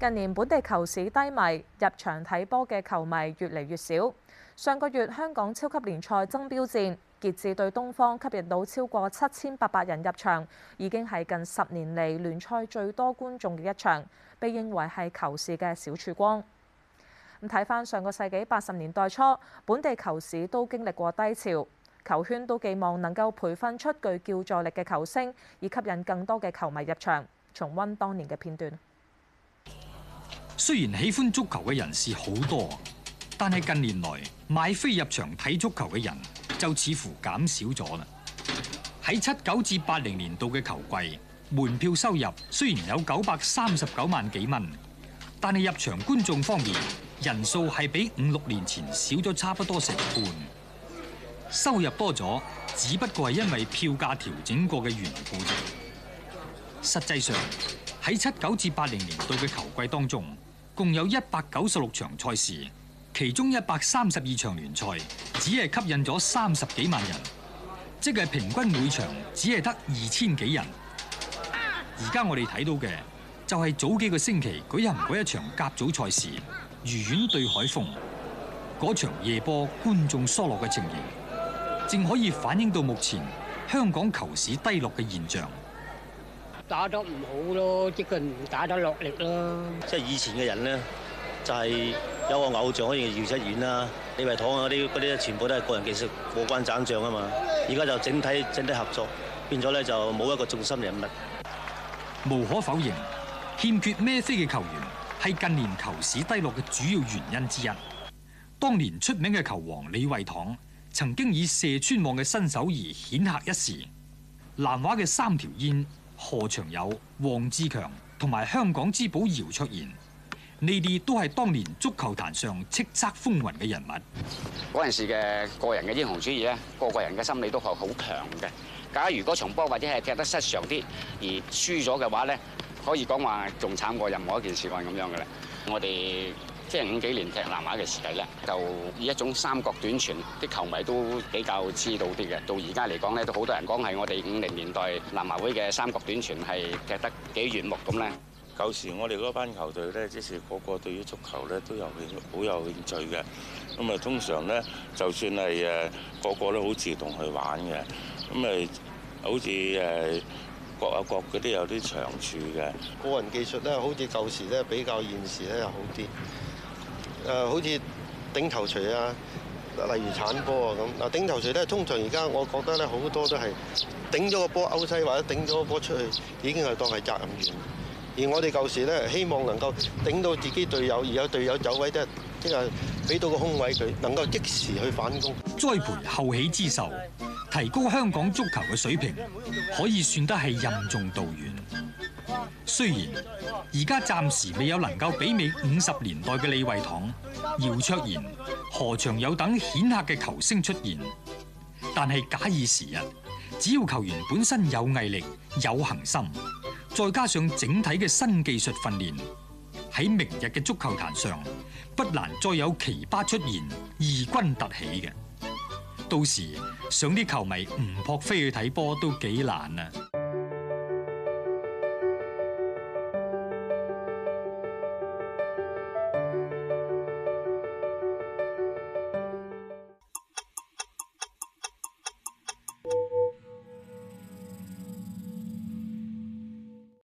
近年本地球市低迷，入場睇波嘅球迷越嚟越少。上個月香港超級聯賽爭標戰傑志對東方吸引到超過七千八百人入場，已經係近十年嚟聯賽最多觀眾嘅一場，被認為係球市嘅小曙光。咁睇翻上個世紀八十年代初，本地球市都經歷過低潮，球圈都寄望能夠培訓出具叫座力嘅球星，以吸引更多嘅球迷入場。重溫當年嘅片段。雖然喜歡足球嘅人士好多，但係近年來買飛入場睇足球嘅人就似乎減少咗啦。喺七九至八零年度嘅球季，門票收入雖然有九百三十九萬幾蚊，但係入場觀眾方面人數係比五六年前少咗差不多成半。收入多咗，只不過係因為票價調整過嘅緣故啫。實際上喺七九至八零年度嘅球季當中，共有一百九十六場賽事，其中一百三十二場聯賽，只係吸引咗三十幾萬人，即係平均每場只係得二千幾人。而家我哋睇到嘅，就係、是、早幾個星期舉行嗰一場甲組賽事愉園對海鳳嗰場夜波，觀眾疏落嘅情形，正可以反映到目前香港球市低落嘅現象。打得唔好咯，即係唔打得落力咯。即係以前嘅人咧，就係、是、有個偶像可以遙出遠啦。李惠堂嗰啲啲全部都係個人技術過關斬將啊嘛。而家就整體整體合作變咗咧，就冇一個重心人物。無可否認，欠缺孭飛嘅球員係近年球市低落嘅主要原因之一。當年出名嘅球王李惠堂曾經以射穿網嘅身手而顯赫一時，南華嘅三條煙。何祥友、黃志強同埋香港之寶姚卓然，呢啲都係當年足球壇上叱咤風雲嘅人物。嗰陣 時嘅個人嘅英雄主義咧，個個人嘅心理都係好強嘅。假如嗰場波或者係踢得失常啲而輸咗嘅話咧，可以講話仲慘過任何一件事咁樣嘅啦。我哋。即係五幾年踢南華嘅時期咧，就以一種三角短傳，啲球迷都比較知道啲嘅。到而家嚟講咧，都好多人講係我哋五零年代南華會嘅三角短傳係踢得幾炫目咁咧。舊時我哋嗰班球隊咧，即係個個對於足球咧都有好有興趣嘅。咁啊，通常咧，就算係誒個個都好自動去玩嘅。咁啊，好似誒各有各嗰啲有啲長處嘅個人技術咧，好似舊時咧比較現時咧又好啲。誒，好似頂頭槌啊，例如鏟波啊咁。嗱，頂頭槌咧，通常而家我覺得咧，好多都係頂咗個波歐西或者頂咗個波出去，已經係當係責任員。而我哋舊時咧，希望能夠頂到自己隊友，而有隊友走位，即係即係俾到個空位佢，能夠即時去反攻。栽培後起之秀，提高香港足球嘅水平，可以算得係任重道遠。雖然而家暫時未有能夠媲美五十年代嘅李惠堂、姚卓然、何祥友等顯赫嘅球星出現，但係假以時日，只要球員本身有毅力、有恆心，再加上整體嘅新技術訓練，喺明日嘅足球壇上，不難再有奇葩出現，異軍突起嘅。到時想啲球迷唔撲飛去睇波都幾難啊！